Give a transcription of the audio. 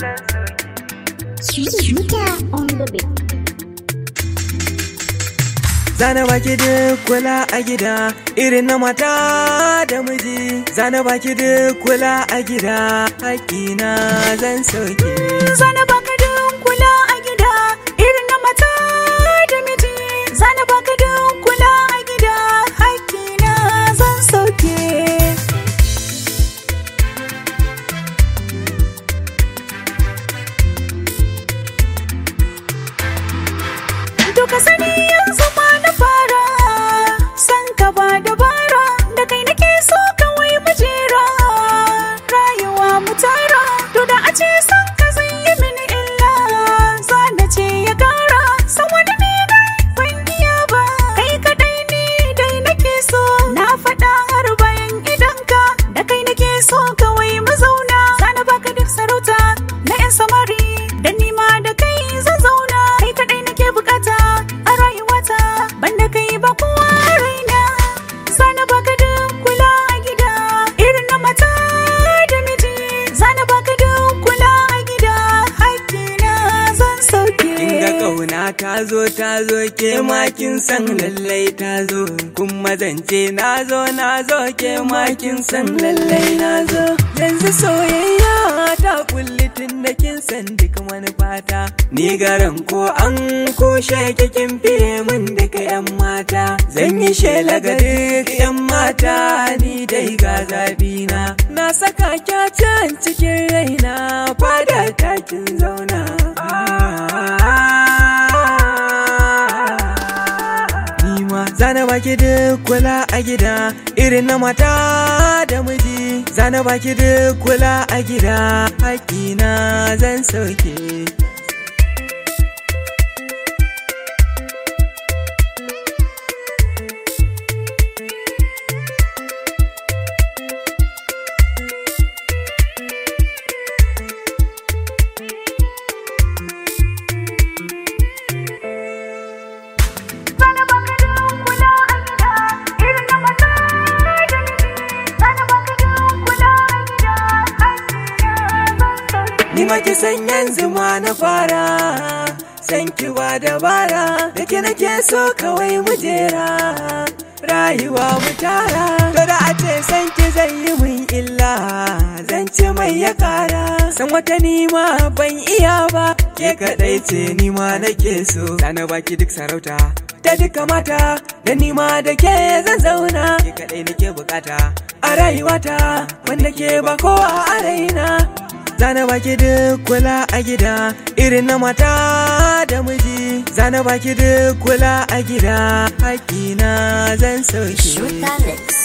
Zana baki duk kula a gida irin na mata da miji. Zana baki duk kula a gida haƙina zan sauke. Zana baki tu Tazo zo ta zo ke makin san lallai ta zo kun mazance na zo na zo ke makin san lallai na yanzu soyayya ta tun da kin san duk wani fata ni garan ko an ko shake kin fiye min daga yan mata zan yi shela ga duk yan mata ni dai ga zabi na na saka kyacen cikin raina Zana baki duk kula a gida irin na mata da miji Zana baki duk kula a gida haƙina zan sauke Fatima ki san yanzu ma na fara san ki ba dabara da na nake so kawai mu jera rayuwa mu tara to da a ce san ki zai yi mun illa zan ci mai ya kara san wata nima ban iya ba ke kadai ce nima nake so sana baki duk sarauta ta duka mata da nima da ke zan zauna ke kadai nake bukata a rayuwata wanda ke ba kowa a raina zana baki duk kula a gida irin na mata da miji zana baki duk kula a gida haƙina zan sauke